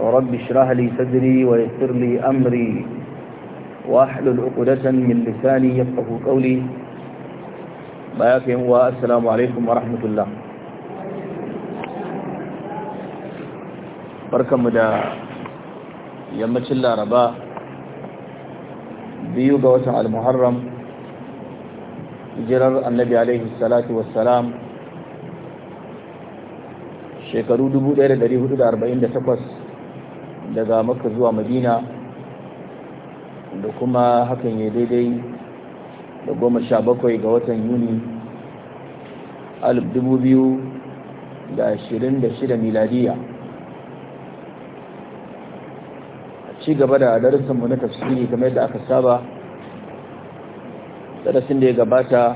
رب اشرح لي صدري ويسر لي أمري واحلل عقدة من لساني يفقه قولي بياكم والسلام عليكم ورحمة الله barkanmu da yammacin laraba biyu ga watan al-muharram jirar annabi alaihi salatu shekaru 1448 daga maka zuwa madina da kuma hakan ya daidai da goma sha bakwai ga watan yuni alif dubu biyu da ashirin da shida miladiya a ci gaba da mu na tafsiri kamar da aka saba darasin da ya gabata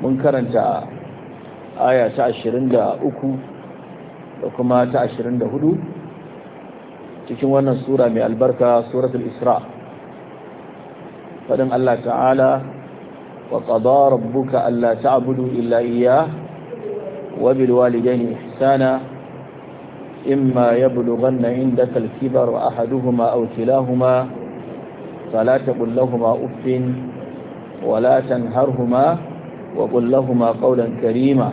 mun karanta aya ta ashirin da uku da kuma ta ashirin da hudu cikin wannan sura mai albarka suratul isra fadin Allah ta'ala wa qada rabbuka alla ta'budu illa iyyah wa bil walidayni ihsana imma yablughanna indaka al-kibar ahaduhuma aw kilahuma fala taqul lahumā uffin ولا تنهرهما وقل لهما قولا كريما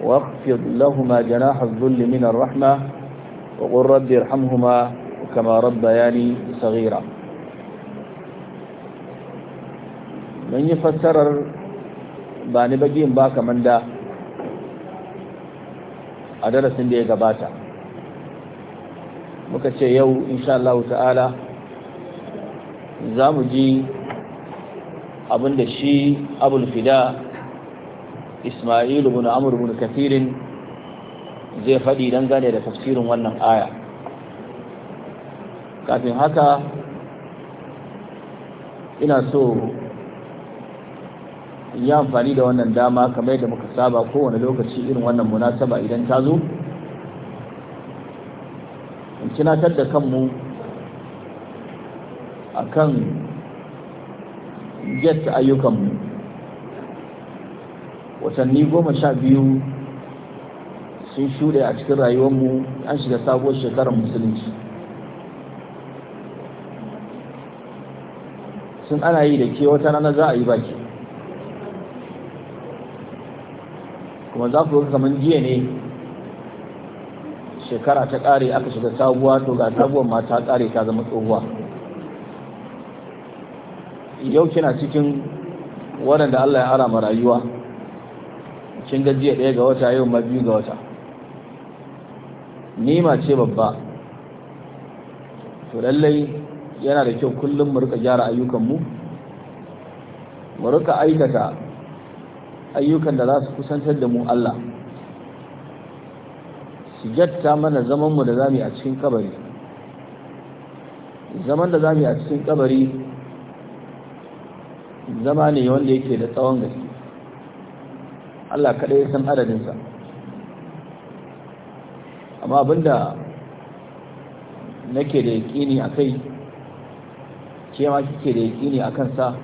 واخفض لهما جناح الذل من الرحمه وقل رب ارحمهما كما ربياني صغيرا من يفسر باني بجين باك من دا أدرى سندية قباتا مكتشي يو إن شاء الله تعالى zamu ji abinda shi abul fida ismailu bin amur bin kafirin zai faɗi gane da tafsirin wannan aya kafin haka ina so yi amfani da wannan dama kamar yadda muka saba kowane lokaci irin wannan munasaba idan ta zo in tunatar da kanmu a kan ayyukanmu watanni goma sha biyu sun shuɗe a cikin rayuwarmu an shiga sabuwar shekarar musulunci sun ana yi da ke wata rana za a yi baki kuma za ku kamar jiya ne shekara ta ƙare aka shiga sabuwa to ga sabuwar ma ta ƙare ta zama tsohuwa yau kina cikin waɗanda Allah ya ara ma rayuwa cin ga jiya ɗaya ga wata yau ma biyu ga wata nima ce babba to lallai yana da kyau kullum mu rika gyara ayyukanmu mu rika aikata ayyukan da za su kusantar da mu Allah su jatta mana zamanmu da zami a cikin kabari zaman da zami a cikin kabari zama ne wanda yake da tsawon gaske Allah kaɗai san adadinsa amma abinda nake da yaƙini a kai ce ma kike da yaƙini a kansa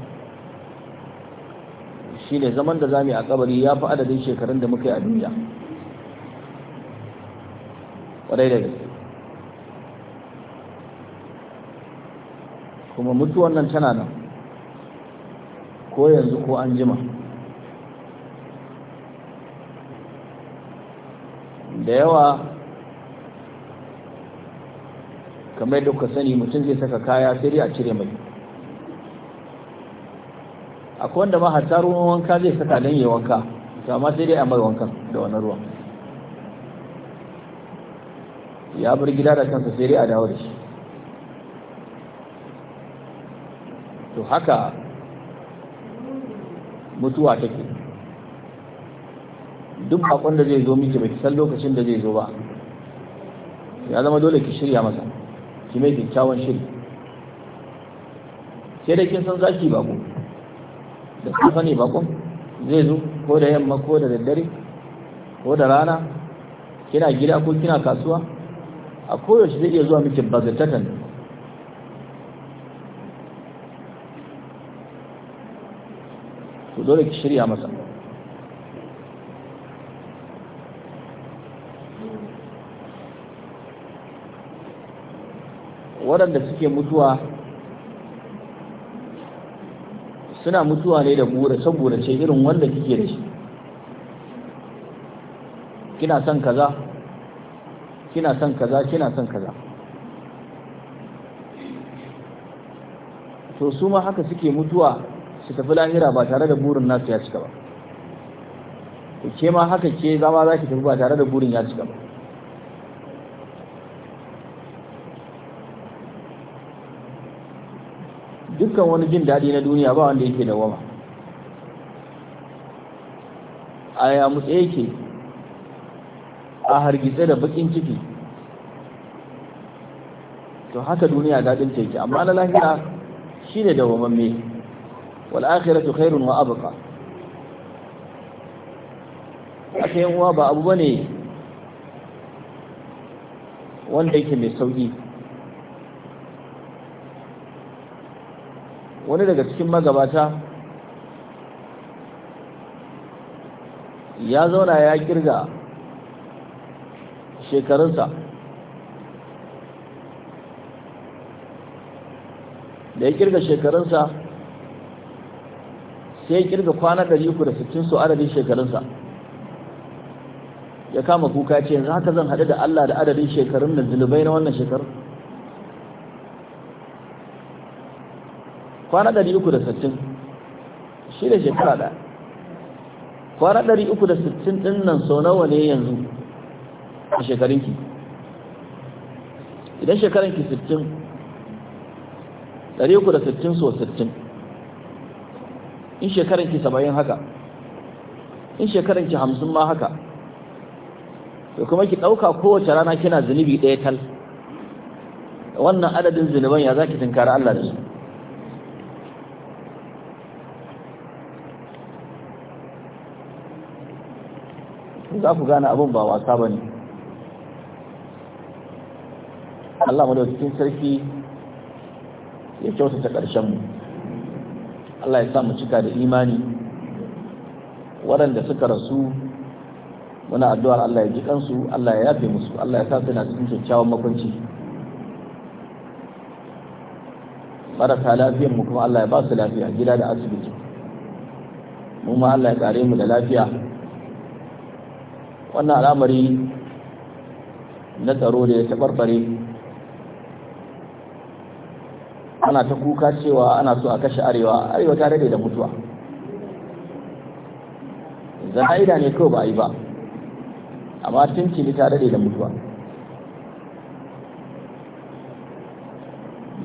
shi ne zaman da zami a kabari ya fi adadin shekarun da muka yi a duniya ƙwarai da gaske kuma mutuwan nan tana nan ko yanzu ko an jima da yawa kamar yadda kuka sani mutum zai saka kaya sai a cire mai akwai wanda ma hatta ruwan wanka zai saka don yi wanka amma sai dai a mai wankan da wannan ruwan ya bar gida da kansa sai dai a dawo da shi to haka mutuwa take duk bakon da zai zo miki baki san lokacin da zai zo ba ya zama dole ki shirya masa ki mai kyakkyawan shiri sai dai kin san zaki bako da kafa ne bakon zai zo ko da yamma ko da daddare ko da rana kina gida ko kina kasuwa a koyaushe zai iya zuwa miki bazatatan to dole ki shirya masa waɗanda suke mutuwa suna mutuwa ne da saboda ce irin wanda kike da shi kina son kaza kina son kaza kina son kaza to su ma haka suke mutuwa su tafi lahira ba tare da burin nasu ya cika ba ke ma haka ke zama za ki tafi ba tare da burin ya cika ba dukkan wani jin daɗi na duniya ba wanda yake dawama a yamutse yake a hargitse da bakin ciki to haka duniya daɗin ce amma na lahira shi ne me wal akhiratu khairun wa abqa aka yin uwa ba abu bane wanda yake mai sauki wani daga cikin magabata ya zauna ya kirga shekarunsa da ya kirga shekarunsa sai ya kirga kwana 360 su adadin shekarunsa ya kama kuka ce yanzu haka zan haɗu da Allah da adadin shekarun da zulubai na wannan shekarun kwana uku da sittin, shi da shekara ɗaya kwana uku da sittin ɗin nan sau nawa ne yanzu a shekarunki idan shekarunki da sittin so sittin. in shekarunki saba'in haka in shekarunki hamsin ma haka to kuma ki ɗauka kowace rana kina zunubi ɗaya tal wannan adadin zunuban ya za ki tunkari Allah da su za ku gane abin ba wasa ba ne Allah cikin sarki ya kyautata ƙarshenmu Allah ya sa mu cika da imani waɗanda suka rasu muna addu'ar Allah ya ji kansu Allah ya yafe musu Allah ya sa suna cikin kyakkyawan makwanci marasa lafiyar mu kuma Allah ya ba su lafiya gida da asibiti mu ma Allah ya kare mu da lafiya wannan al'amari na tsaro da ya taɓarɓare ana ta kuka cewa ana so a kashe arewa arewa ta daɗe da mutuwa zana'ida ne kawai ba a yi ba amma tuncili ta daɗe da mutuwa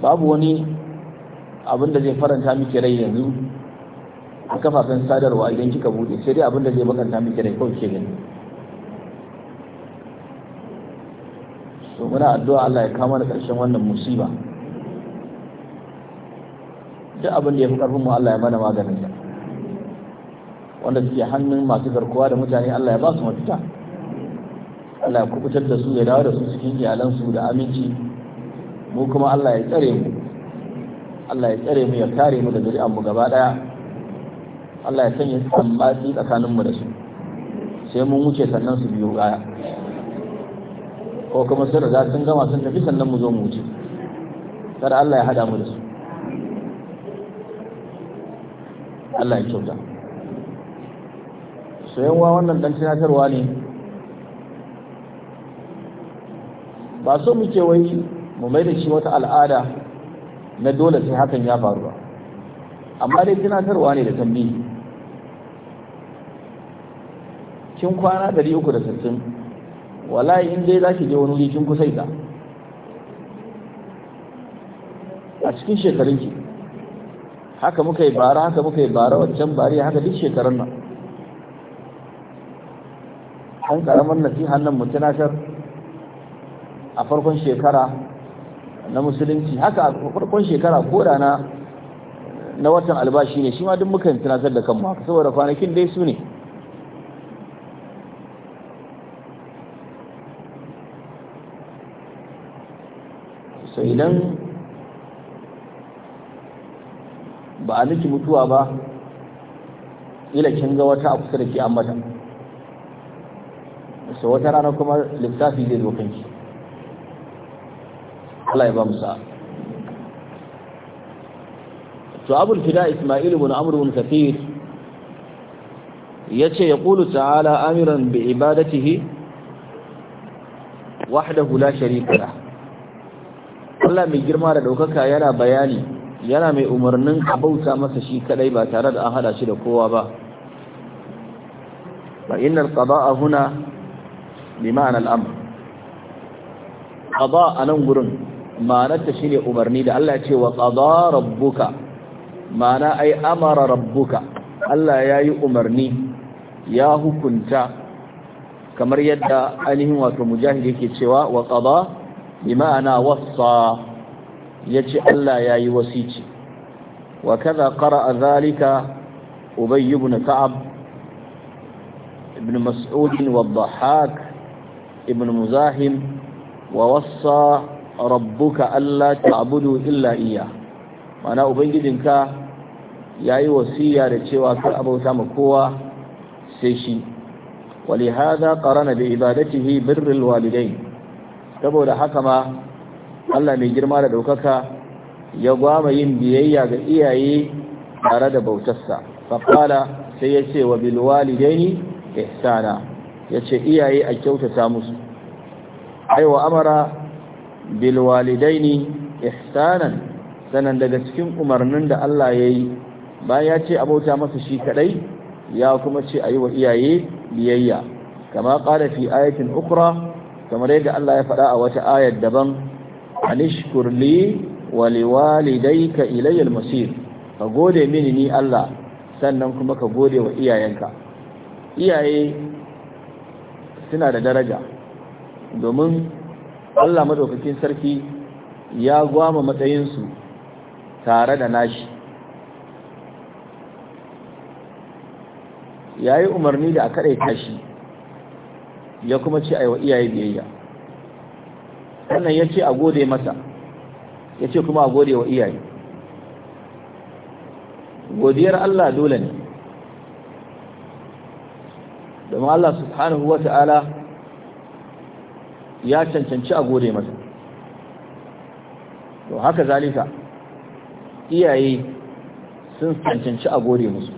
babu wani abin da zai faranta miki rai yanzu a kafafen sadarwa idan kika buɗe sai dai abin da zai bakanta miki rai kawai ke gani to muna addu'a Allah ya kama da ƙarshen wannan musiba duk abin da ya fi ƙarfin mu Allah ya mana maganin sa wanda suke hannun masu garkuwa da mutane Allah ya ba su mafita Allah ya kubutar da su ya dawo da su cikin iyalansu da aminci mu kuma Allah ya tsare mu Allah ya tsare mu ya kare mu da zuri'an mu gaba daya Allah ya sanya tsammati tsakanin mu da su sai mun wuce sannan su biyo baya ko kuma sun riga sun gama sun tafi sannan mu zo mu wuce kada Allah ya hada mu da su Allah ya kyauta sayan wa wannan dan tunatarwa ne ba so muke wai mu mai da shi wata al'ada na dole sai hakan ya faru ba amma dai tunatarwa ne da tambayi kin kwana 360 wallahi in dai za ki je wani wuri kin kusa ita a cikin shekarun ki haka muka yi bara haka muka yi bara wancan bari haka duk shekarun nan an karamar nasihan hannun mu tunatar a farkon shekara na musulunci haka a farkon shekara ko da na na watan albashi ne shi ma duk muka yi tunatar da kanmu haka saboda kwanakin dai su ne so idan ba a miki mutuwa ba ila kin ga wata a kusa da ke amma mata so wata rana kuma lissafi zai zo kanki Allah ya ba mu sa'a to abul fida isma'il ibn amr ibn kathir yace yaqulu ta'ala amiran bi ibadatihi wahdahu la sharika lahu Allah mai girma da ɗaukaka yana bayani yana mai umarnin a bauta masa shi kadai ba tare da an hada shi da kowa ba ba tsaba qada'a huna bi ma'ana al-amr qada anan gurin ma'anarta shine umarni da Allah ya ce wa qada rabbuka ma'ana ai amara rabbuka Allah ya yi umarni ya hukunta kamar yadda ainihin wato mujahid yake cewa wa qada bima'ana ya ci Allah yayi wasici wa kaza qara'a zalika ubay ibn ka'ab ibn mas'ud wa dhahhak ibn muzahim wa wasa rabbuka alla ta'budu illa iya mana ubangijinka yayi wasiya da cewa kar ma kowa sai shi ولهذا قرن بعبادته بر walidai? saboda haka ma Allah mai girma da ɗaukaka ya gwama yin biyayya ga iyaye tare da bautarsa faƙala sai ya ce wa bilwalidaini ihsana ya ce iyaye a kyautata musu aiwa amara bilwalidaini ihsanan sanan daga cikin umarnin da Allah ya yi bayan ya ce abota masa shi kadai ya kuma ce a yi wa iyaye biyayya kama ƙara fi ayatin ukra kamar yadda Allah ya faɗa a wata ayar daban anishkur li wa liwalidayka ilayya al-masir ka gode mini ni Allah sannan kuma ka gode wa iyayenka iyaye suna da daraja domin Allah madaukakin sarki ya gwama matsayinsu tare da nashi ya yi umarni da a kaɗaita shi ya kuma ce aiwa iyaye biyayya Wannan ya ce a gode masa ya ce kuma a gode wa iyaye godiyar Allah dole ne domin Allah subhanahu wa ta'ala ya cancanci a gode masa to haka zalika iyaye sun cancanci a gode musu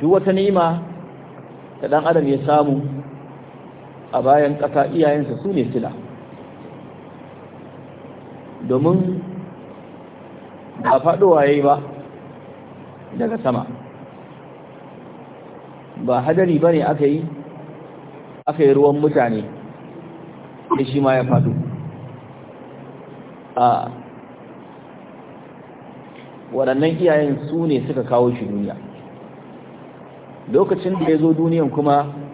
duk wata ni'ima da dan adam ya samu a bayan ƙasa iyayensa su ne sila domin ba faɗowa ya yi ba daga sama ba hadari ba ne aka yi aka yi ruwan mutane da shi ma ya faɗo a waɗannan iyayen su ne suka kawo shi duniya lokacin da ya zo duniyan kuma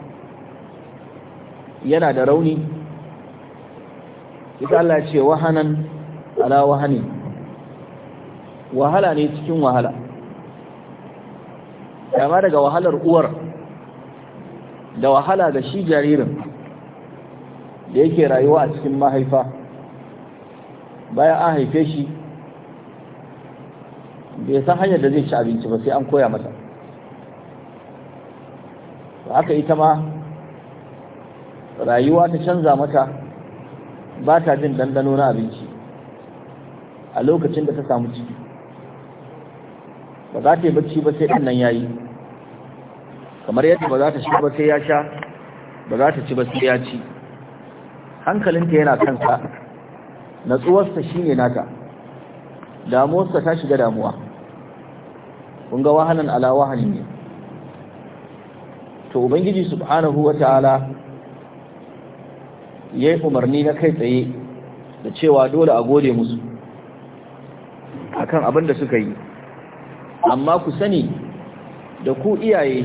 yana da rauni ita Allah ce wahanan ala wahani wahala ne cikin wahala kama daga wahalar uwar da wahala da shi jaririn da yake rayuwa a cikin mahaifa bayan an haife shi bai san hanyar da zai ci abinci ba sai an koya masa haka ita ma rayuwa ta canza mata ba ta jin dandano na abinci a lokacin da ta samu ciki ba za ta yi bacci ba sai ɗan nan ya yi kamar yadda ba za ta sha ba sai ya sha ba za ta ci ba sai ya ci hankalinta yana kansa natsuwarsa shi ne nata damuwarsa ta shiga damuwa kun ga wahalan ala wahanin ne to ubangiji subhanahu wa ta'ala ya yi umarni na kai tsaye da cewa dole a gode musu akan abin da suka yi amma ku sani da ku iyaye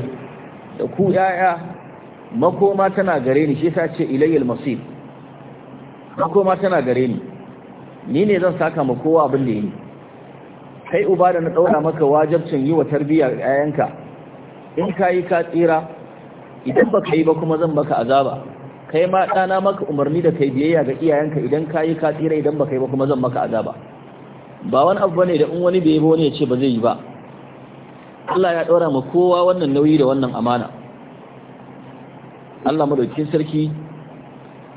da ku yaya makoma tana gare ni shi ta ce ilayyar masir makoma tana gare ni ni ne zan saka ma kowa abin da yi kai uba da na ɗaura maka wajabcin yi wa tarbiyya yayanka in ka yi ka tsira idan baka yi ba kuma zan baka azaba kai ma ɗana maka umarni da kai biyayya ga iyayenka idan kayi ka tsira idan baka kai ba kuma zan maka azaba ba wani abu bane da in wani bai yi ne ya ce ba zai yi ba Allah ya ɗora ma kowa wannan nauyi da wannan amana Allah madaukin sarki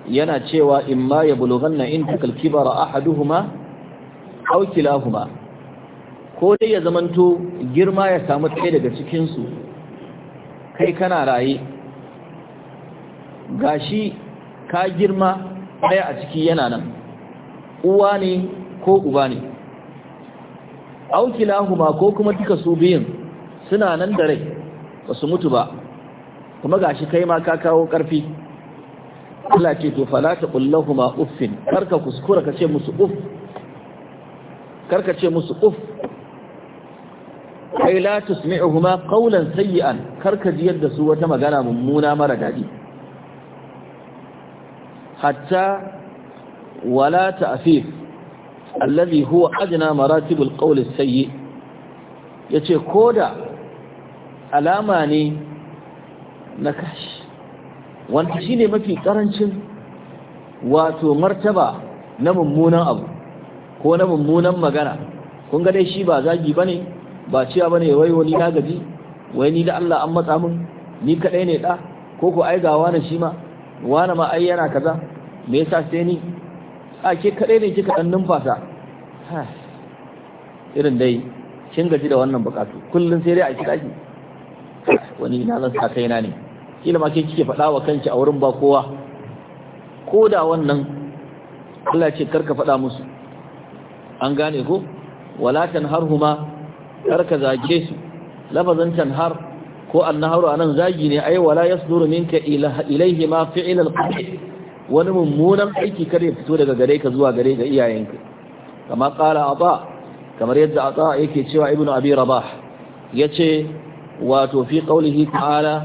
yana cewa in ma ya bulughanna in takal kibara ahaduhuma aw kilahuma ko dai ya zamanto girma ya samu ɗaya daga cikin su kai kana raye gashi ka girma ɗaya a ciki yana nan uwa ne ko uba ne aukilahuma ko kuma duka su biyun suna nan da rai ba su mutu ba kuma gashi kai ma ka kawo ƙarfi Allah ce to fala ta ma uffin karka kuskura ka ce musu uff karka ce musu uff kai la tusmi'uhuma qawlan sayyi'an karka ji yadda su wata magana mummuna mara dadi hatta wala ta'fif allazi huwa ajna maratibul qawl as-sayyi yace koda alama ne na kashi wanda shine mafi karancin wato martaba na mummunan abu ko na mummunan magana kun ga dai shi ba zagi bane ba ciya bane wai wani na gaji wai ni da Allah an matsa mun ni kadai ne da ko ko ai ga wani shi ma wani ma ai yana kaza me yasa sai ni a ke kadai ne kika dan numfasa irin dai kin gaji da wannan bukatu kullun sai dai a kika shi wani ina zan sa kaina ne kila ma ke kike fada wa kanki a wurin ba kowa ko da wannan Allah ce karka faɗa musu an gane ko wala tanharhuma karka zage su lafazan tanhar ko annaharu anan zagi ne ai wala yasduru minka ilaihi ma fi'il al-qabih wani mummunan aiki kada ya fito daga gare ka zuwa gare ga iyayenka kama kala ata kamar yadda a ata yake cewa ibnu abi rabah ce wato fi qawlihi ta'ala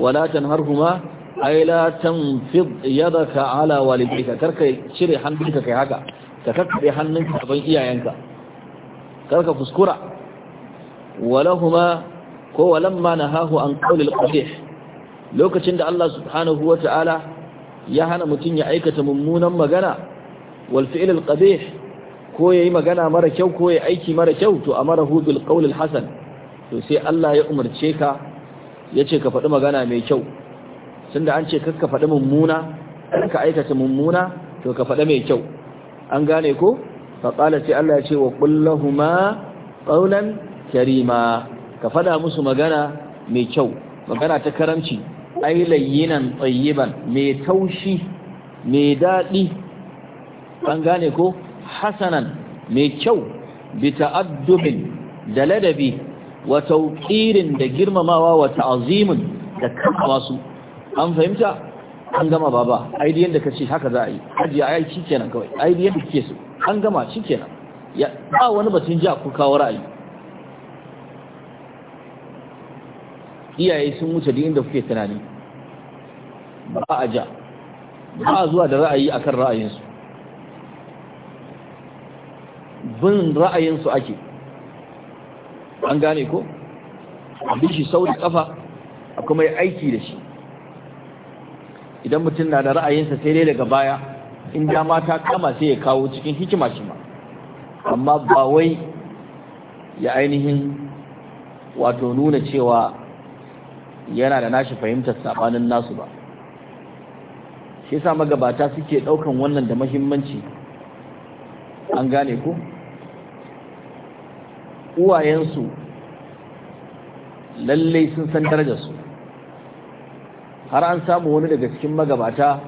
wala harhuma ay la tanfid ka ala walidika karka cire hannunka kai haka ka kakkabe hannunka gaban iyayenka karka fuskura walahuma ko walamma na hahu an qawlil qadih lokacin da Allah subhanahu wa ta'ala ya hana mutum ya aikata mummunan magana wal fi'l ko yayi magana mara kyau ko yayi aiki mara kyau to a bil qawl al Hassan. to sai Allah ya umarce ka yace ka faɗi magana mai kyau tunda an ce kakka faɗi mummuna ka aikata mummuna to ka faɗi mai kyau an gane ko fa qala sai Allah ya ce wa qul lahumu qawlan karima ka faɗa musu magana mai kyau magana ta karamci ai layyinan tsayiban mai taushi mai daɗi an gane ko hasanan mai kyau bi ta'addubin da ladabi wa tauqirin da girmamawa wa ta'azimin da kama su an fahimta an gama baba ai da yanda kace haka za a yi a yi shikenan kawai ai da yanda kike an gama shikenan ya ba wani batun ja ku kawo ra'ayi iyaye sun wuce duk inda kuke tunani ba a ja ba a zuwa da ra'ayi a kan ra'ayinsu bin ra'ayinsu ake an gane ko abin shi sau da kafa a kuma yi aiki da shi idan mutum na da ra'ayinsa sai dai daga baya in dama ta kama sai ya kawo cikin hikima shi ma amma ba wai ya ainihin wato nuna cewa yana da nashi fahimtar sabanin nasu ba shi yasa magabata suke daukan wannan da muhimmanci an gane ku uwayensu lallai sun san darajarsu har an samu wani daga cikin magabata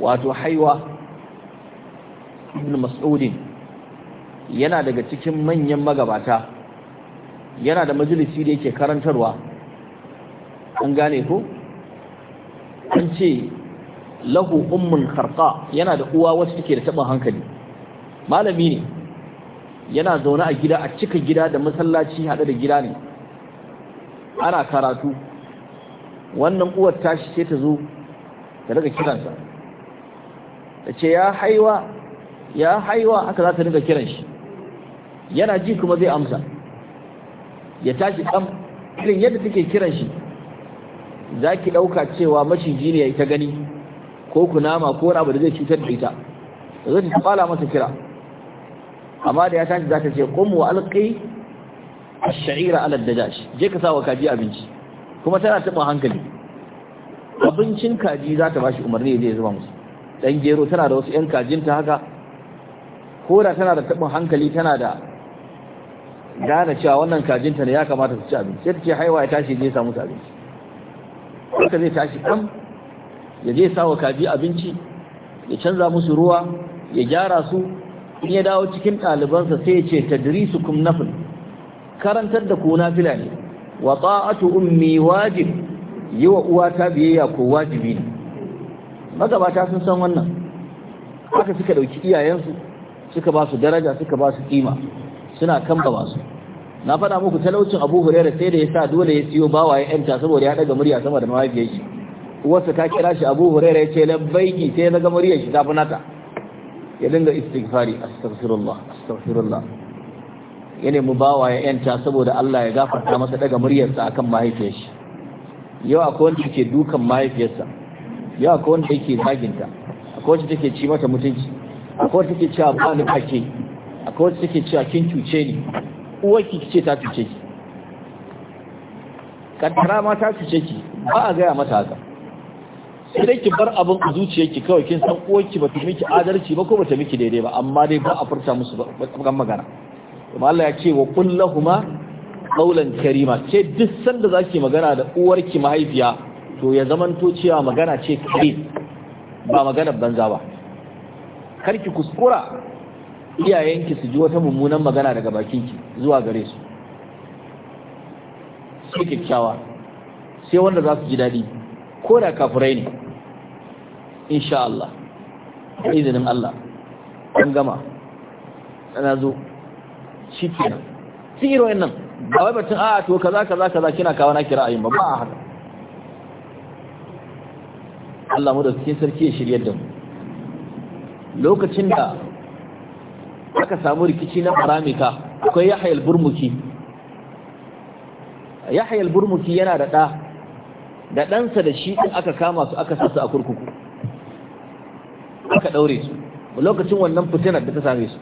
wato haiwa ibn mas'udin yana daga cikin manyan magabata yana da majalisi da yake karantarwa an gane ku? an ce lahu ummun kharqa yana da uwa wasu take da taɓin hankali malami ne yana zaune a gida a cika gida da masallaci haɗe da gida ne ana karatu wannan uwar tashi ce ta zo ta daga kiransa ta ce ya haiwa ya haiwa haka za ta daga kiran shi yana ji kuma zai amsa ya tashi kam irin yadda take kiran shi za ki ɗauka cewa maciji ne ya ta gani ko kunama ko wani abu da zai cutar da ita da zai ta fala masa kira amma da ya tashi za ta ce ƙun wa alƙai a sha'ira alal da dashi je ka sa wa kaji abinci kuma tana taɓa hankali abincin kaji za ta bashi umarni zai zuba musu ɗan gero tana da wasu 'yan kajinta haka ko da tana da taɓin hankali tana da gane cewa wannan kajinta ne ya kamata su ci abinci sai ta ce haiwa ya tashi ne samu abinci haka zai tashi kam ya je sawa kaji abinci ya canza musu ruwa ya gyara su in ya dawo cikin ɗalibansa sai ya ce tadrisukum nafil karantar da ku nafila ne wa ta'atu ummi wajib yi wa uwata biyayya ko wajibi ne magabata sun san wannan haka suka ɗauki iyayensu suka ba su daraja suka ba su kima suna kamba ba su na faɗa muku talaucin abu hurera sai da ya sa dole ya siyo bawa ya yanta saboda ya ɗaga murya sama da mahaifiyar shi uwarsa ta kira shi abu hurera ya ce labbaiki sai na ga muryar shi ta fi nata ya dinga istighfari astaghfirullah astaghfirullah ya nemi bawa ya yanta saboda Allah ya gafarta masa daga muryarsa akan mahaifiyar shi yau akwai wanda yake dukan mahaifiyarsa yau akwai wanda yake zaginta akwai wanda take ci mata mutunci akwai wanda take cewa ba ni kake akwai wanda take cewa kin cuce ni uwarki ce ta cuce ki kaddara ma ta cuce ki ba a gaya mata haka sai dai ki bar abin a zuciyarki kawai kin san uwarki ba ta miki adalci ba ko ba ta miki daidai ba amma dai ba a furta musu ba magana kuma Allah ya ce wa kullahuma qawlan karima ce duk sanda zaki magana da uwarki mahaifiya to ya zamanto cewa magana ce kare ba magana banza ba karki kuskura iyayenki su ji wata mummunan magana daga bakinki zuwa gare su sai kyakkyawa sai wanda za su ji daɗi ko da kafurai ne insha Allah da izinin Allah an gama ana zo shi nan, sun yi nan ba wai batun a to kaza kaza kaza kina kawo na kira ayin ba ba a haka Allah mu da cikin sarki ya shirye da mu lokacin da aka samu rikici na haramika akwai yahya al-burmuki yahya al-burmuki yana da ɗa da ɗansa da shi ɗin aka kama su aka sa a kurkuku aka ɗaure su lokacin wannan fitinar da ta same su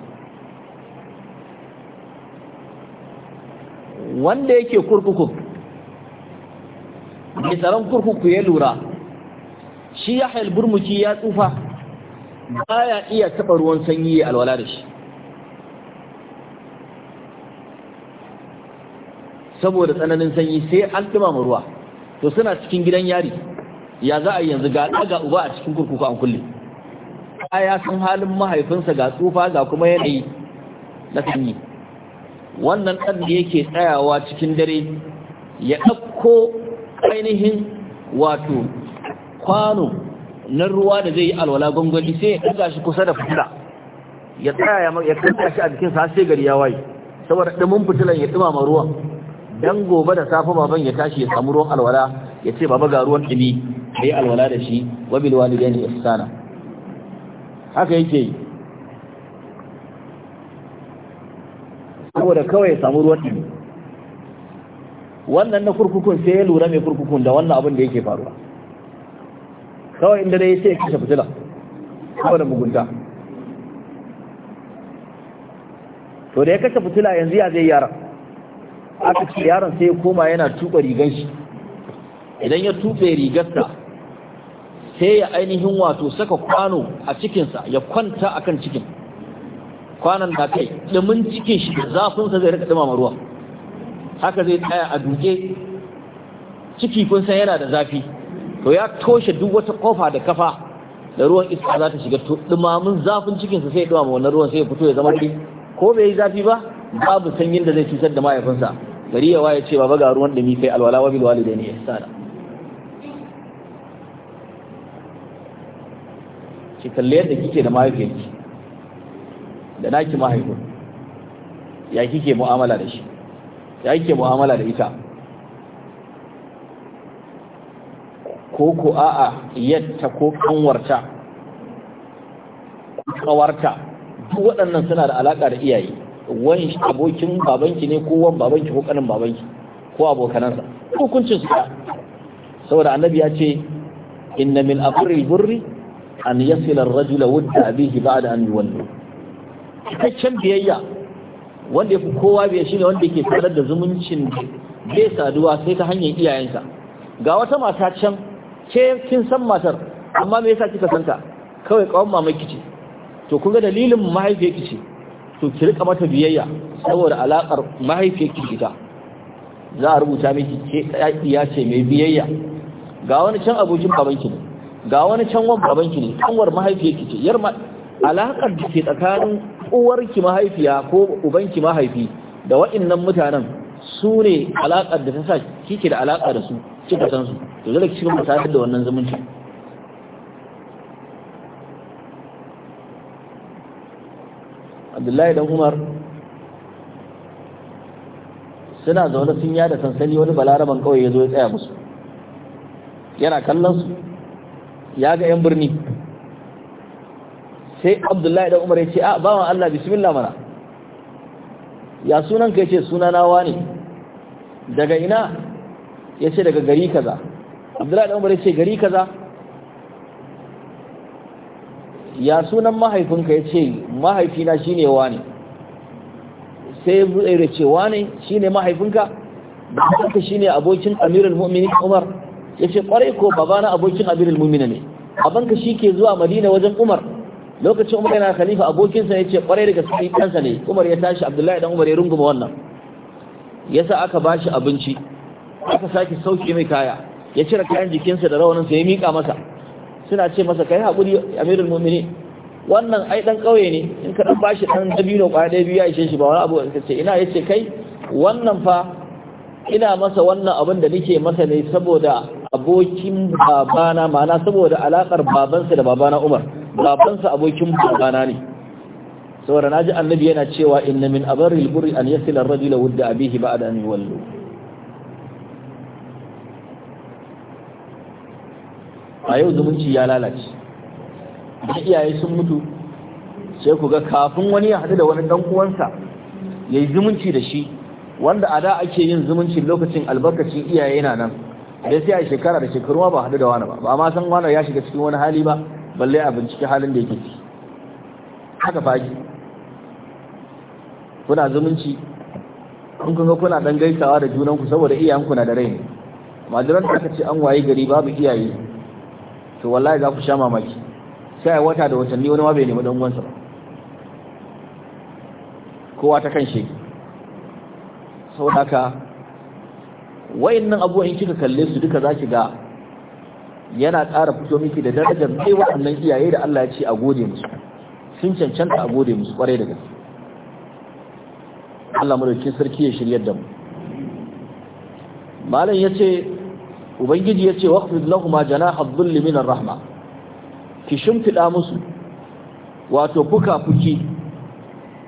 wanda yake kurkuku mai tsaron kurkuku ya lura shi yahayal burmuki ya tsufa baya iya taɓa ruwan sanyi alwala da shi saboda tsananin sanyi sai an ɗumama ruwa to suna cikin gidan yari ya za a yi yanzu ga ga uba a cikin kurkuku an kulle ya san halin mahaifinsa ga tsufa ga kuma yanayi na sanyi wannan ɗan da yake tsayawa cikin dare ya ɗauko ainihin wato kwano na ruwa da zai yi alwala gwangwani sai ya ɗaga shi kusa da fitila ya tsaya ya kanta shi a jikinsa sai gari ya waye saboda ɗumin fitilan ya ɗumama ruwan dan gobe da safe baban ya tashi ya samu ruwan alwala ya ce baba ga ruwan dumi kai alwala da shi wa bil walidayni ihsana haka yake yi saboda kawai ya samu ruwan dumi wannan na kurkukun sai ya lura mai kurkukun da wannan abin da yake faruwa kawai inda dai sai ya kashe fitila saboda mugunta to da ya kashe fitila yanzu ya zai yara aka ce yaron sai ya koma yana tuba rigar shi idan ya tuɓe rigarsa sai ya ainihin wato saka kwano a cikinsa ya kwanta a kan cikin kwanan da kai ɗumin cikin shi zafinsa zai rika ɗumama ruwa haka zai tsaya a duke ciki kun san yana da zafi to ya toshe duk wata kofa da kafa da ruwan iska za ta shiga to dumamin zafin cikinsa sai ya dumama wannan ruwan sai ya fito ya zama ɗi ko bai yi zafi ba babu sanyin da zai cutar da mahaifinsa yawa ya ce baba ga ruwan dumi kai alwala wa ne ya ihsana ki kalle yadda kike da mahaifiyarki da naki mahaifin ya kike mu'amala da shi ya kike mu'amala da ita ko ko a'a yatta ko kanwarta ko kawarta duk waɗannan suna da alaƙa da iyaye wan abokin babanki ne ko wan babanki ko kanin babanki ko abokanansa hukuncin su saboda annabi ya ce inna min aqril burri an yasila ar-rajul wadda bihi ba'da an yuwallu cikakken biyayya wanda yafi kowa biya shine wanda yake sadar da zumuncin bai saduwa sai ta hanyar iyayensa ga wata mata can ke kin san matar amma me yasa kika santa kawai kawon mamaki ce to kun ga dalilin mahaifiyarki ce to ki rika mata biyayya saboda alakar mahaifiyarki ita za a rubuta miki ke ya ce mai biyayya ga wani can abokin babanki ne ga wani can wani babanki ne kanwar mahaifiyarki ce yar alakar da ke tsakanin uwarki mahaifiya ko ubanki mahaifi da waɗannan mutanen su ne alakar da ta sa kike da alakar da su kika san su to zai ki shiga mutanen da wannan zumunci abdullahi dan umar suna zaune sun yada sansani wani balaraban kawai ya zo ya tsaya musu yana kallon su ya ga 'yan birni sai abdullahi dan umar ya ce a wa allah bismillah mana ya sunan ka ya ce sunana wani daga ina ya ce daga gari kaza abdullahi dan umar ya ce gari kaza ya sunan mahaifinka ya ce mahaifina shine wane sai ya buɗe da ce wane shine mahaifinka shi ne abokin amirul mummini umar ya ce ƙwarai ko babana abokin amirul mummini ne abinka shi ke zuwa madina wajen umar lokacin umar yana khalifa abokinsa ya ce ƙwarai daga sai kansa ne umar ya tashi abdullahi dan umar ya runguma wannan Ya sa aka bashi abinci aka sake sauke mai kaya ya cire kayan jikinsa da rawaninsa ya miƙa masa suna ce masa kai haƙuri amirul mummini wannan ai ɗan ƙauye ne in ka ɗan bashi ɗan dabino ƙwaya ɗaya biyu ya ishe shi ba wani abu ka ce ina yace kai wannan fa ina masa wannan abin da nake masa ne saboda abokin babana mana saboda alaƙar babansa da babana Umar babansa abokin babana ne saboda ji annabi yana cewa inna min abarril burri an yasila ar-rajula wudda abihi ba'da an yuwallu a yau zumunci ya lalace da iyaye sun mutu sai ku ga kafin wani ya haɗu da wani ɗan uwansa ya yi zumunci da shi wanda a da ake yin zumunci lokacin albarkacin iyaye na nan da sai a shekara da shekaru ma ba haɗu da wani ba ba ma san wani ya shiga cikin wani hali ba balle a bincike halin da yake haka kuna zumunci in kun ga kuna dan gaisawa da junanku saboda iyayenku na da rai ne amma da aka ce an waye gari babu iyaye to wallahi za ku sha mamaki sai wata da watanni wani ma bai nemi dan gwansa ba kowa ta kan da ka wayan nan abubuwan in kika kalle su duka za ki ga yana ƙara fito miki da darajar mai waɗannan iyaye da Allah ya ce a gode musu sun cancanta a gode musu kwarai da gaske Allah dauki sarki ya shiryar da mu malam yace ubangiji ya ce waqfid lahuma janaha dhulli min rahma ki shimfida musu wato fuka-fuki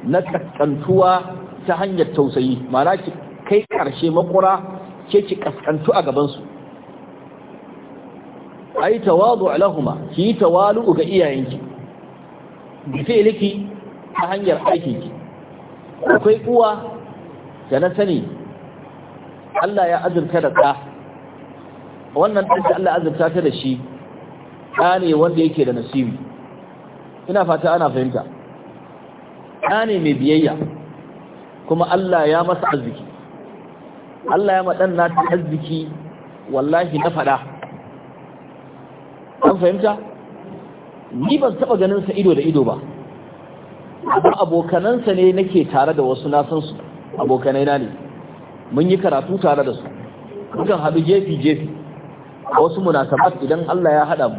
na kaskantuwa ta hanyar tausayi mana ki kai karshe makura ke ki kaskantu a gaban su ai tawadu lahuma ki tawalu ga iyayenki bi fi'liki ta hanyar aikinki akwai uwa da na sani Allah ya azurta da ɗa wannan ɗan da Allah azurta ta da shi ɗa ne wanda yake da nasibi ina fata ana fahimta ɗa ne mai biyayya kuma Allah ya masa arziki Allah ya maɗan na ta arziki wallahi na faɗa an fahimta ni ban taɓa ganin sa ido da ido ba amma abokanansa ne nake tare da wasu nasansu. abokanai na ne mun yi karatu tare da su kukan haɗu jefi jefi a wasu munasabat idan Allah ya haɗa mu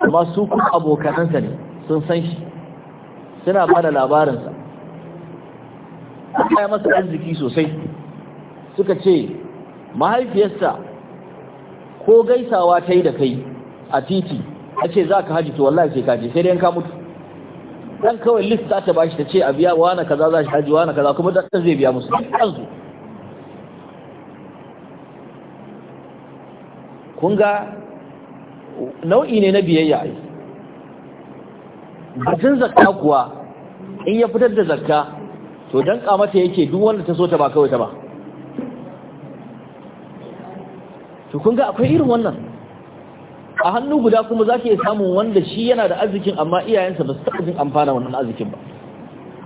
amma su kuma abokanansa ne sun san shi suna ba da labarinsa ya masa arziki sosai suka ce mahaifiyarsa ko gaisawa ta yi da kai a titi a ce za ka haji to wallahi sai kaje sai dai ka mutu dan kawai list za ta bashi ta ce a biya wa na kaza za shi haji wa na kaza kuma dan zai biya musu kansu kun ga nau'i ne na biyayya ai batun zakka kuwa in ya fitar da zakka to dan kamata yake duk wanda ta so ta ba kawai ta ba to kun ga akwai irin wannan a hannu guda kuma zaki iya samun wanda shi yana da arzikin amma iyayensa ba su taɓa jin amfana wannan arzikin ba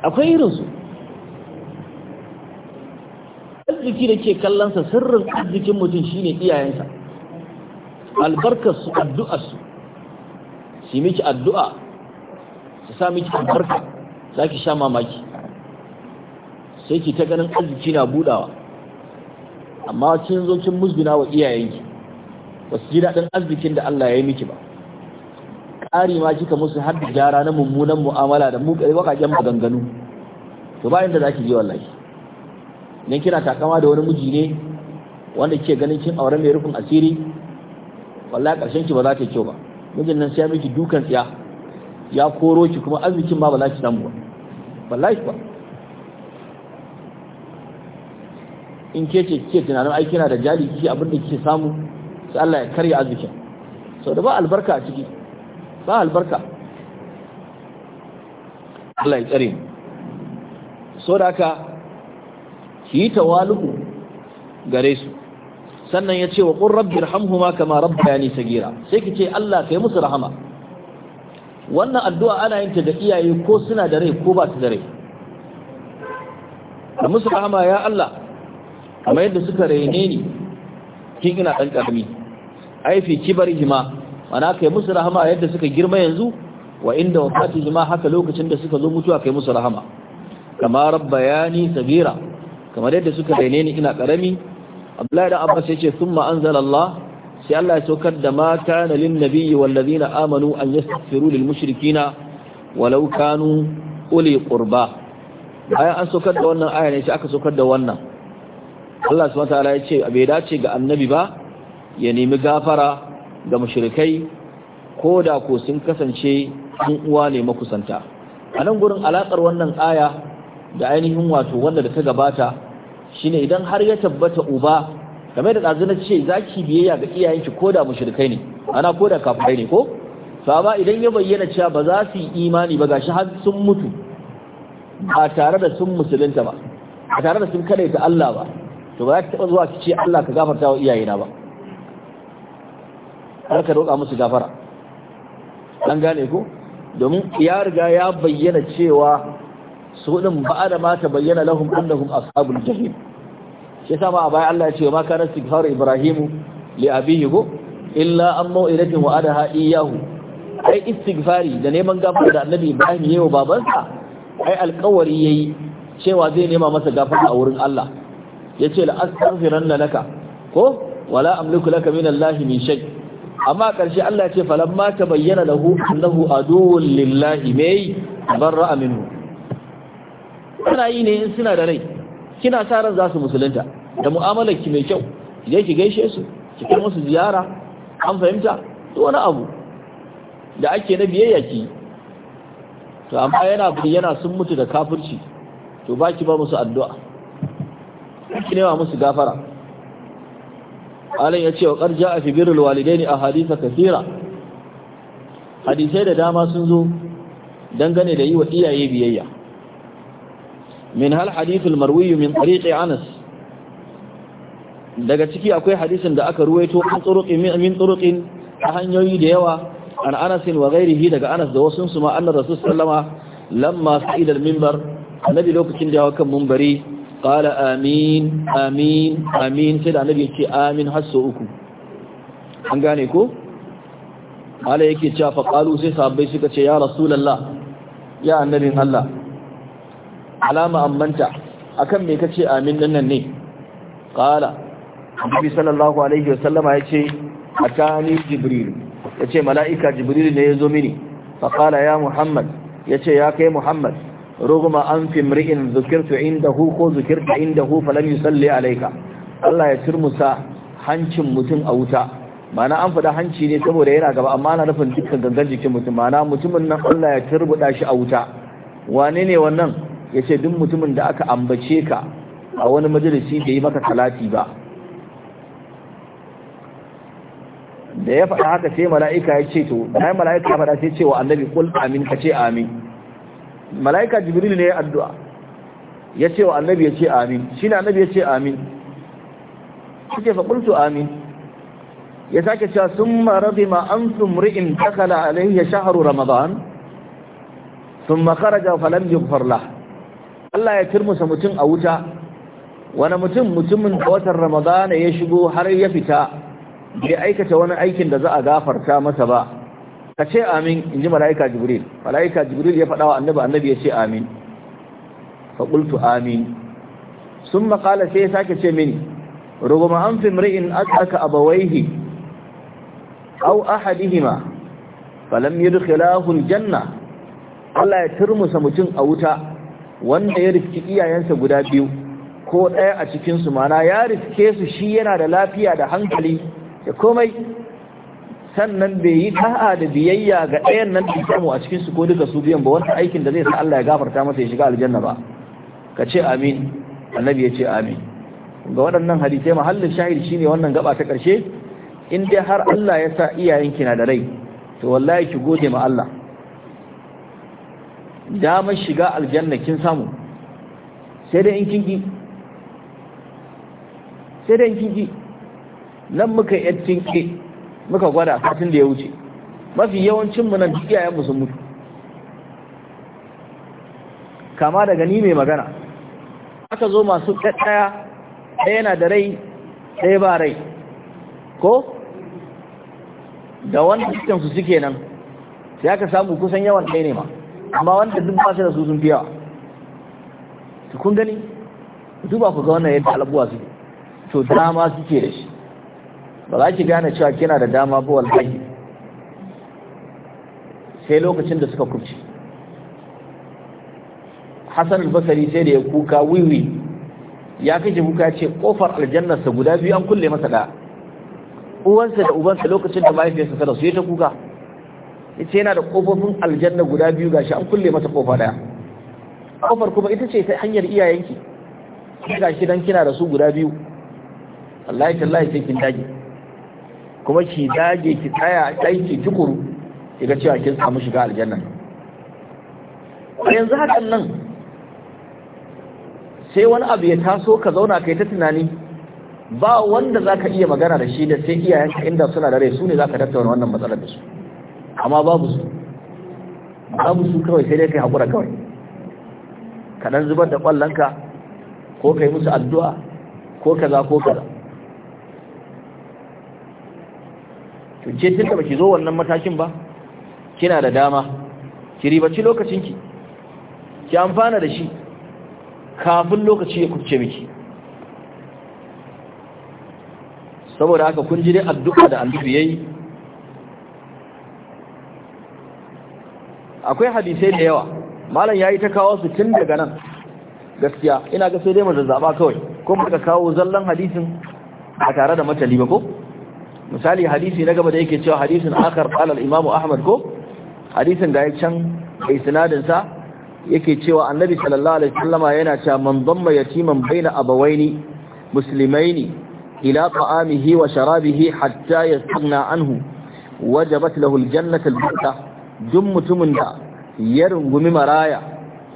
akwai irin su arziki da ke kallonsa sirrin arzikin mutum shine iyayensa Albarkar su addu’ar su miki addu'a su sa miki albarka za ki sha mamaki sai ki ta ganin arziki na budawa amma cin zokin kin wa iyayenki ba su ji daɗin arzikin da Allah ya yi miki ba ƙari ma kika musu haddi gyara na mummunan mu'amala da muka wakaken maganganu to bayan da za ki je wallahi idan kina takama da wani miji ne wanda kike ganin kin aure mai rufin asiri wallahi karshen ki ba za ta yi kyau ba mijin nan sai ya miki dukan tsiya ya koro ki kuma arzikin ma ba za ki samu ba wallahi ba in ke ce ke tunanin ai kina da jali kike abin da kike samu sai Allah ya karya arzikin sau da ba albarka a ciki ba albarka Allah ya tsare so da haka ki yi tawalu'u gare su sannan ya ce wa qur rabbi irhamhuma kama rabbayani sagira sai ki ce Allah kai musu rahama wannan addu'a ana yin ta iyaye ko suna da rai ko ba su da rai da musu rahama ya Allah kamar yadda suka raine ni kin ina dan karami aifi kibar hima mana kai musu rahama yadda suka girma yanzu wa inda wafati hima haka lokacin da suka zo mutuwa kai musu rahama kama rabbayani sagira kamar yadda suka raine ni ina karami abdullahi da abbas yace thumma anzala Allah sai Allah ya saukar da mata na lin nabiyyi wal ladina amanu an yastaghfiru lil mushrikina walau kanu uli qurba bayan an saukar da wannan aya ne sai aka saukar da wannan Allah subhanahu ta'ala yace bai dace ga annabi ba ya nemi gafara ga mushrikai ko da ko sun kasance an uwa ne makusanta a nan gurin alakar wannan aya da ainihin wato wanda da ta gabata shine idan har ya tabbata uba game da ɗazu na ce za ki biyayya ga iyayenki ko da mushrikai ne ana ko da kafirai ne ko to amma idan ya bayyana cewa ba za su yi imani ba gashi har sun mutu ba tare da sun musulunta ba ba tare da sun kadaita Allah ba to ba za ki taɓa zuwa ki ce Allah ka gafarta wa iyayena ba har ka roƙa musu gafara an gane ko domin ya riga ya bayyana cewa su huɗin ba'ada ma bayyana lahum annahum ashabul jahim shi yasa ma baya Allah ya ce ma kana istighfar ibrahim li abihi go illa an mau'idatin wa adaha iyahu ai istighfari da neman gafara da annabi ibrahim yayi wa babansa ai alƙawari yayi cewa zai nema masa gafara a wurin Allah yace la astaghfiranna laka ko wala amliku laka min Allah min shay amma karshe Allah ya ce falamma tabayyana lahu annahu aduwwun lillahi mai barra minhu ana yi ne in suna da rai kina sa ran za su musulunta da mu'amalar ki mai kyau ki je ki gaishe su ki kai musu ziyara an fahimta to wani abu da ake na biyayya ki to amma yana yana sun mutu da kafirci to ba ki ba musu addu'a ki nema musu gafara alai ya ce wa karja a fibirul walidaini a hadisa kasira hadisai da dama sun zo dangane da yi wa iyaye biyayya min hal hadithul marwiyu min tariqi anas daga ciki akwai hadisin da aka ruwaito an turuqin min turuqin ta hanyoyi da yawa an anas wa ghairihi daga anas da wasu sun ma annar rasul sallama lamma sa'ida al-minbar annabi lokacin da ya kan minbari qala amin amin amin sai da annabi ya ce amin har so uku an gane ko ala yake cewa fa qalu sai sahabbai suka ce ya rasulullah ya annabi Allah alama ammanta akan me kace amin din nan ne qala annabi sallallahu alaihi wasallama yace atani jibril yace malaika jibril ne yazo mini fa qala ya muhammad yace ya kai muhammad rugma an fi mri'in dhukirtu indahu ko zukirta indahu falam yusalli alayka Allah ya turmusa hancin mutum a wuta mana an fada hanci ne saboda yana gaba amma ana nufin dukkan gangan jikin mutum mana mutumin nan Allah ya turbuda shi a wuta wane ne wannan ya ce duk mutumin da aka ambace ka a wani majalisi da yi maka talati ba da ya faɗa haka sai mala'ika ya ce to da bayan mala'ika ya faɗa sai ce wa annabi kul amin ka ce amin mala'ika jibril ne ya addu'a ya ce wa annabi ya ce amin shi ne annabi ya ce amin ke faƙultu amin ya sake cewa sun marabi ma'amtum ri'in takala alaihi ya shaharu ramadan sun makaraja falam yi farla Allah ya turmusa mutum a wuta wani mutum mutumin da watan ramadana ya shigo har ya fita bai aikata wani aikin da za a gafarta masa ba ka ce amin in ji mala'ika jibril mala'ika jibril ya faɗawa wa annabi annabi ya ce amin fa qultu amin sun maƙala sai ya sake ce mini ruguma an fi mri'in asaka abawaihi aw ahadihima falam yudkhilahu janna. Allah ya turmusa mutum a wuta wanda ya riski iyayensa guda biyu ko ɗaya a cikinsu mana ya riske su shi yana da lafiya da hankali da komai sannan bai yi ta'a da biyayya ga ɗayan nan da samu a cikinsu ko duka su biyan ba wata aikin da zai sa Allah ya gafarta masa ya shiga aljanna ba ka ce amin annabi ya ce amin ga waɗannan hadisai mahallin shahid shine wannan gaba ta ƙarshe in dai har Allah ya sa iyayenki na da rai to wallahi ki gode ma Allah damar shiga aljanna kin samu sai dai in kin kinki sai dai in kin kinki nan muka yattinke muka gwada satin da ya wuce mafi yawancin mu nan iyayen sun mutu kama daga ni mai magana aka zo masu ɗaya ɗaya na da rai ɗaya ba rai ko da wanda cikinsu suke nan sai aka samu kusan yawan ɗaya ne ma amma wanda duk ba shi da su sun fiya yawa to kun gani duba ku ga wannan yadda alabuwa su to dama suke da shi ba za ki gane cewa kina da dama ba wallahi sai lokacin da suka kurce Hassan al-Basri sai da ya kuka wiwi ya kace kuka ce kofar aljannarsa guda biyu an kulle masa da uwansa da ubansa lokacin da mahaifiyarsa ta rasu ya ta kuka ita yana da kofofin aljanna guda biyu gashi an kulle mata kofa daya kofar kuma ita ce ta hanyar iyayenki shi dan kina da su guda biyu wallahi tallahi sai kin dage kuma ki dage ki tsaya aiki tukuru kiga cewa kin samu shiga aljanna yanzu hakan nan sai wani abu ya taso ka zauna kai ta tunani ba wanda zaka iya magana da shi da sai iyayenka inda suna da rai su ne zaka tattauna wannan matsalar da su amma babu su babu su kawai sai dai kai haƙura kawai ka ɗan zubar da ƙwallonka ko kai musu addu'a ko kaza ko kaza to ce tun da baki zo wannan matakin ba kina da dama ki ribaci lokacinki ki amfana da shi kafin lokaci ya kubce miki saboda haka kun ji dai addu'a da annabi yayi akwai hadisai da yawa malam yayi ta kawo su tun daga nan gaskiya ina ga sai dai mu zazzaba kawai ko muka kawo zallan hadisin a tare da matali ba ko misali hadisi na gaba da yake cewa hadisin akhar qala al-imam ahmad ko hadisin da yake can sanadin sa yake cewa annabi sallallahu alaihi wasallama yana cewa man damma yatiman baina abawaini muslimaini ila ta'amihi wa sharabihi hatta yastagna anhu wajabat lahu al-jannatu al duk mutumin da ya rungumi maraya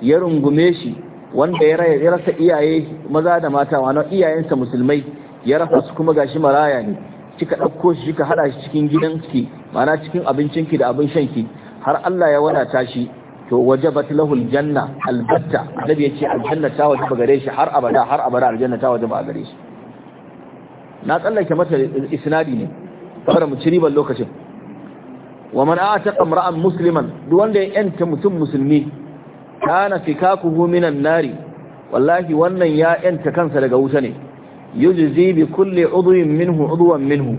ya rungume shi wanda ya rasa iyaye maza da mata wani iyayensa musulmai ya rasa su kuma gashi maraya ne kika ɗauko shi kika haɗa shi cikin gidanki ma'ana cikin abincinki da abin shanki har Allah ya wadata shi to wajabat lahul janna albatta annabi yace aljanna ta waje ba gare shi har abada har abada aljanna ta waje ba gare shi na tsallake mata isnadi ne fara mu ci ban lokacin wa man ataqa imra'an musliman duk wanda ya yanta mutum musulmi kana fikakuhu minan nari wallahi wannan ya yanta kansa daga wuta ne yujzi bi kulli udwin minhu udwan minhu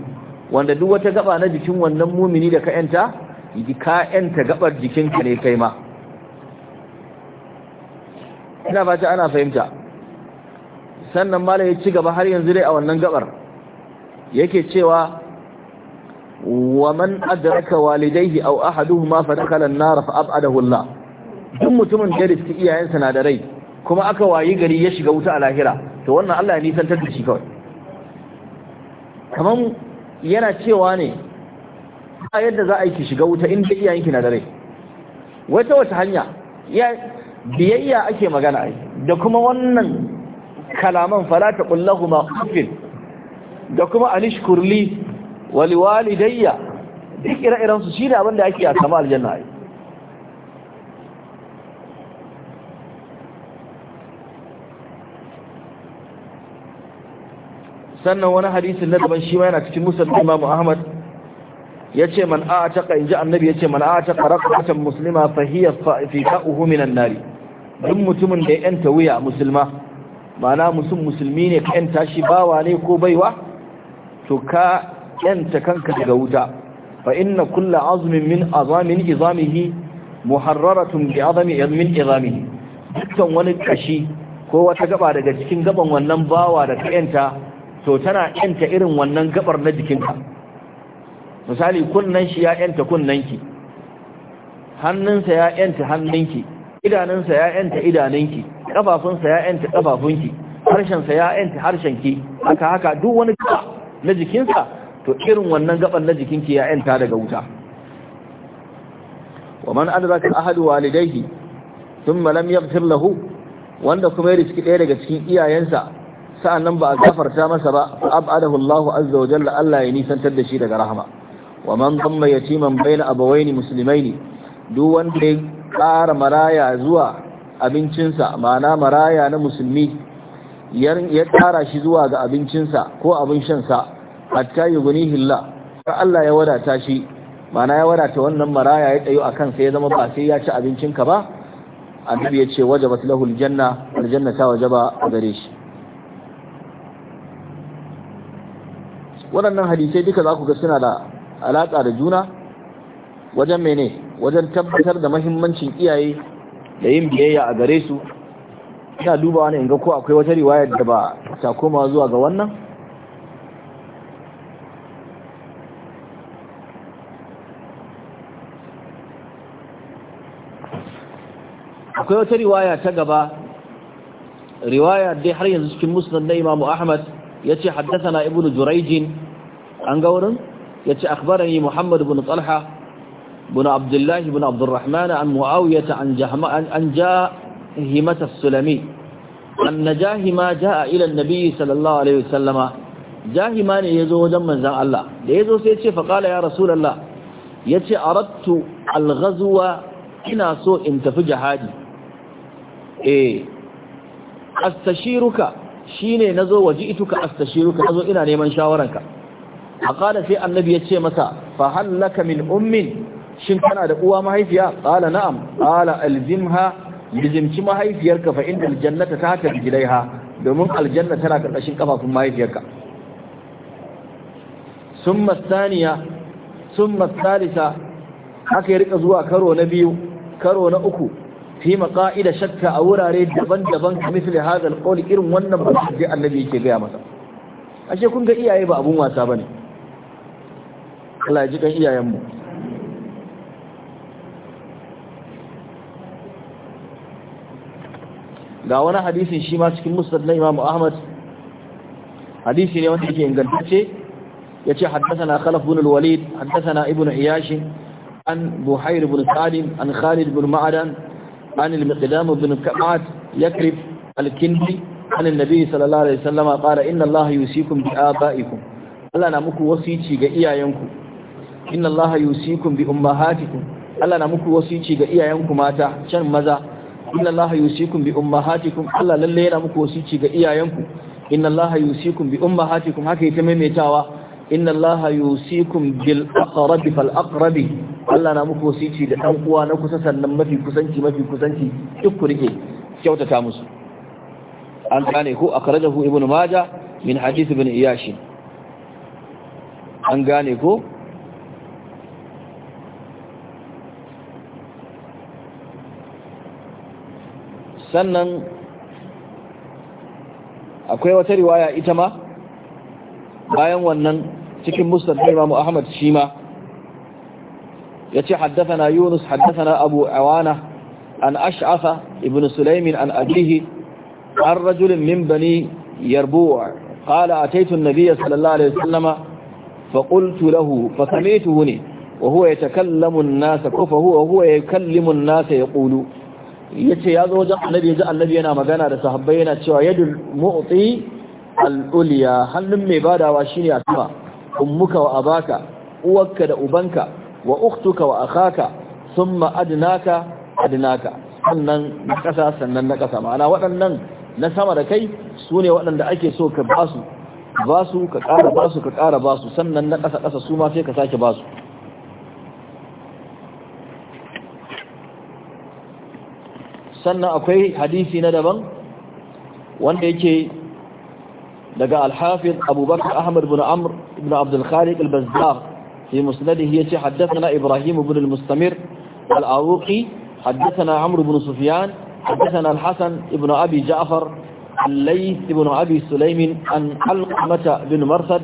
wanda duk wata gaba na jikin wannan mumini da ka yanta yi ka yanta gabar jikinka ne kai ma ina fata ana fahimta sannan malai ya ci gaba har yanzu dai a wannan gabar yake cewa ومن أدرك والديه أو أحدهما ma النار فأبعده الله duk mutumin da riski iyayensa na da rai kuma aka wayi gari ya shiga wuta a lahira to wannan Allah ya nisantar da shi kawai kaman yana cewa ne a yadda za a yi ki shiga wuta inda iyayenki na da rai wata wata hanya biyayya ake magana ai da kuma wannan kalaman fala ta kullahu ma da kuma Kurli. wali dayya, duk ire-iren su shine abin da ake a sama aljanna ai sannan wani hadisin na daban shi ma yana cikin musulmi imamu ahmad ya ce man a taƙa in ji annabi ya ce man a taƙa raƙatan musulma fahiyya fi ka'uhu minan nari duk mutumin da ya yanta wuya musulma mana musul musulmi ne ka yanta shi bawa ne ko baiwa to ka yanta kanka daga wuta fa inna kulla azmin min azamin izamihi muharraratun bi azami min izamihi dukkan wani kashi ko wata gaba daga cikin gaban wannan bawa da ka yanta to tana yanta irin wannan gabar na jikinka misali kunnan shi ya yanta kunnanki hannunsa ya yanta hannunki idanunsa ya yanta idanunki kafafunsa ya yanta kafafunki harshensa ya yanta harshenki haka haka duk wani gaba na jikinsa to irin wannan gaban na jikinki ya yanta daga wuta wa man adraka ahadu walidayhi thumma lam yaghfir lahu wanda kuma ya riski ɗaya daga cikin iyayensa sa'annan ba a gafarta masa ba abadahu Allahu azza wa jalla Allah ya nisantar da shi daga rahama wa man dhamma yatiman bayna abawaini muslimaini duk wanda ya kara maraya zuwa abincinsa ma'ana maraya na musulmi ya kara shi zuwa ga abincinsa ko abin shan sa hatta yughnihi hilla. har Allah ya wadata shi mana ya wadata wannan maraya ya tsayo akan sai ya zama ba sai ya ci abincin ka ba annabi ya ce wajabat lahu aljanna aljanna ta wajaba a gare shi waɗannan hadisai duka za ku ga suna da alaƙa da juna wajen mene wajen tabbatar da mahimmancin iyaye da yin biyayya a gare su ina dubawa ne in ga ko akwai wata riwayar da ba ta koma zuwa ga wannan akwai wata riwaya ta gaba riwaya dai har yanzu cikin musnad na imamu ahmad ya ce haddasa ibnu juraijin an ga wurin ya ce akbarani muhammad ibn talha ibn abdullahi ibn abdurrahman an mu'awiyata an himata sulami an na jahima ja'a ilan nabi sallallahu alaihi wasallama jahima ne ya zo wajen manzan Allah da ya zo sai ce faƙala ya rasulallah ya ce arattu alghazuwa ina so in tafi jihadi eh astashiruka shine nazo waji'tuka astashiruka nazo ina neman shawaranka aqala sai annabi yace masa fa hallaka min ummin shin kana da uwa mahaifiya qala na'am qala alzimha bizimci mahaifiyarka fa innal ta tahta bijlaiha domin aljanna tana karkashin kafafun mahaifiyarka summa thaniya summa thalitha haka ya rika zuwa karo na biyu karo na uku fi maqa'ida shakka a wurare daban-daban misali hadha alqawl irin wannan ba da annabi yake gaya masa ashe kun ga iyaye ba abun wasa bane Allah ya ji kan iyayen ga wani hadisin shi ma cikin musnad na Imam Ahmad hadisi ne wanda yake ingantacce yace haddathana Khalaf ibn al-Walid haddathana Ibn Iyash an Buhayr ibn Salim an Khalid ibn Ma'dan عن المقدام بن كعاد يكرب الكندي عن النبي صلى الله عليه وسلم قال إن الله يوصيكم بآبائكم Allah na muku wasici ga iyayenku inna Allah yusikum bi ummahatikum Allah na muku wasici ga iyayenku mata can maza inna Allah yusikum bi ummahatikum Allah lalle muku wasici ga iyayenku inna Allah yusikum bi haka yake maimaitawa inna allaha yusikum bil aqrabi fal aqrabi Allah na muku wasici da dan uwa na kusa sannan mafi kusanci mafi kusanci duk ku rike kyautata musu an gane ko akrajahu ibnu maja min hadith ibn iyash an gane ko sannan akwai wata riwaya ita ma bayan wannan cikin musnad Imam Ahmad shima yace haddathana Yunus haddathana Abu Awana an Ash'afa ibn sulaimin an abihi an rajul min bani Yarbu' qala ataytu an-nabiy sallallahu alayhi wasallam فقلت له فسمعتهني وهو يتكلم الناس كفهو وهو nasa الناس يقول yace ya zo wajen annabi ya ji annabi yana magana da sahabbai yana cewa yadul mu'ti hannun mai badawa shine a sama ummuka wa abaka uwarka da ubanka wa ukhtuka wa akhaka thumma adnaka adnaka sannan na kasa sannan na kasa ma'ana waɗannan na sama da kai su ne waɗanda ake so ka basu basu ka ƙara basu ka ƙara basu sannan na ƙasa ƙasa su ma sai ka sake basu sannan akwai hadisi na daban wanda yake daga al abubakar ahmad bin amr ibn abd al bazzar fi musnadihi yace haddathana ibrahim ibn al-mustamir al-awqi haddathana amr ibn sufyan haddathana al-hasan ibn abi ja'far الليث بن an al عن bin بن an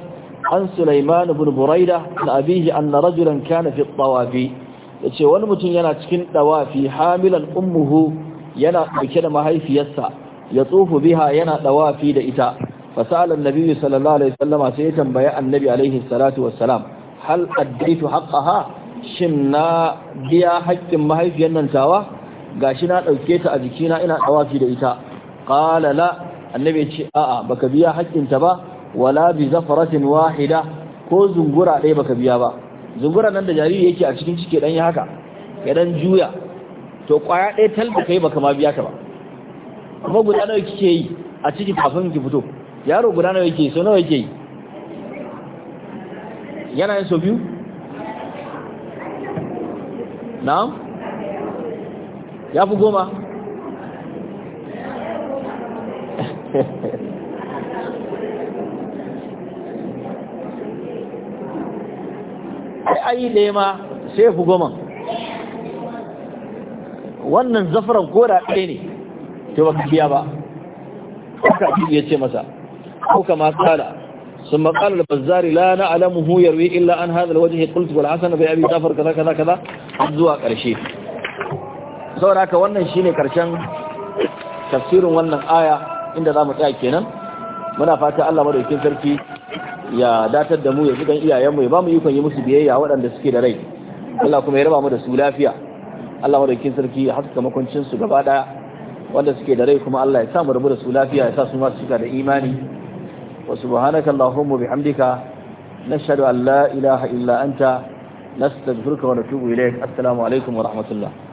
عن سليمان بن بريدة عن an أن رجلا كان في الطوافي yace wani mutum yana cikin dawafi hamilan ummuhu yana dauke da mahaifiyarsa ya tsufu biha yana dawafi da ita فسأل النبي صلى الله عليه وسلم سيتم بيع النبي عليه الصلاة والسلام هل أديت حقها شنا بيا حق ما هي في النتاوى قاشنا أوكيت أذكينا إنا أوافي لإتاء قال لا النبي يتشي آآ بك بيا حق تبا ولا بزفرة واحدة كو zungura ɗaya بك بيا با zungura nan da jariri yake a cikin cike dan yi haka ya dan juya to kwaya ɗaya tal baka yi baka ma biya ta ba kuma guda nawa kike yi a cikin kafin ki fito yaro guda nawa yake so nawa yake yana yin so biyu na'am ya fi goma ai ɗaya ma sai fi goma wannan zafaran kora ɗaya ne ta ba biya ba ka ya ce masa أو كما قال ثم قال البزاري لا نعلمه يروي إلا عن هذا الوجه قلت والحسن بأبي جعفر كذا كذا كذا الزوا قرشي saboda haka wannan shine karshen tafsirin wannan aya inda zamu tsaya kenan muna fata Allah madaukakin sarki ya datar da mu ya gidan iyayenmu ya bamu ikon yi musu biyayya waɗanda suke da rai Allah kuma ya raba mu da su lafiya Allah madaukakin sarki ya haska makoncin su gaba daya wanda suke da rai kuma Allah ya sa mu rabu da su lafiya ya sa su ma su cika da imani وسبحانك اللهم وبحمدك نشهد أن لا إله إلا أنت نستغفرك ونتوب إليك السلام عليكم ورحمة الله